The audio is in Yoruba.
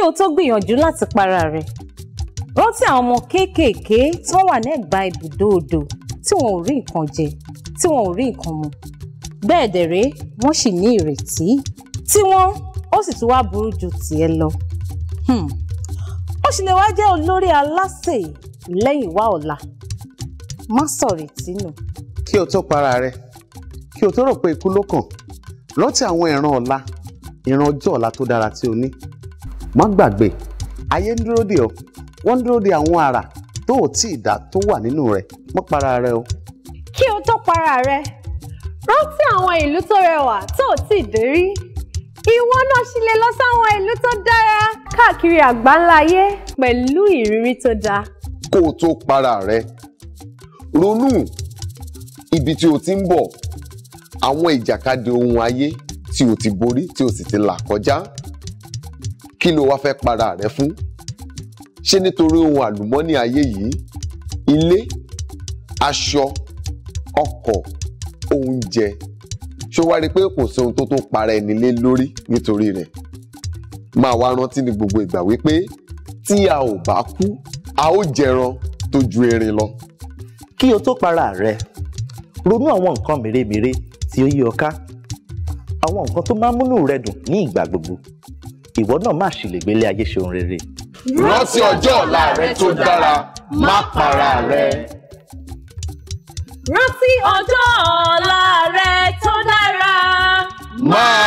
kí o tó gbìyànjú láti para rẹ̀ rántí àwọn ọmọ kéékèèké tí wọ́n wà ní ẹ̀gbá ibùdó odò tí wọn ò rí nǹkan jẹ tí wọn ò rí nǹkan mu bẹ́ẹ̀ dẹ̀rẹ́ wọ́n sì ní ìrètí tí wọ́n ó sì tún wá burú ju tiẹ̀ lọ ó sì lè wá jẹ́ olórí alásè lẹ́yìn wá ọ̀la má sọ̀rètí nù. kí o tó para rẹ kí o tó rò pé ikú ló kàn rántí àwọn ìran ọ̀la ìran ọjọ́ ọ̀la tó dára tí o ní má gbàgbé ayé ń dúró dè ọ́ wọ́n ń dúró dè àwọn àrà tó ò tí ì dá tó wà nínú rẹ̀ mọ́ para rẹ o. kí o tó para rẹ rántí àwọn ìlú tó rẹwà tó ò tí ì dé rí ìwọ náà sì lè lọ sáwọn ìlú tó dára káàkiri àgbáńlá ayé pẹ̀lú ìrírí tó dáa. kó o tó para rẹ ronú ibi tí o ti ń bọ̀ àwọn ìjàkadì ohun ayé tí o ti borí tí o sì ti là kọjá kí ló wá fẹ́ para rẹ fún ṣé nítorí ohun àlùmọ́nì ayé yìí ilé aṣọ ọkọ̀ oúnjẹ ṣó wá rí i pé kò sí ohun tó tó para ẹni lé lórí nítorí rẹ̀ máa wá rántí ní gbogbo ìgbà wípé tí a ò bá kú a ó jẹran tó ju erin lọ. kí o tó para rẹ ronú àwọn nǹkan mèremère tí ó yí ọ ká àwọn nǹkan tó máa ń múnú rẹ dùn ní ìgbà gbogbo ìwọ náà má ṣì lè gbélé ayé ṣe ohun rere. rántí ọjọ́ ọ̀la rẹ tó dára má para rẹ. rántí ọjọ́ ọ̀la rẹ tó dára má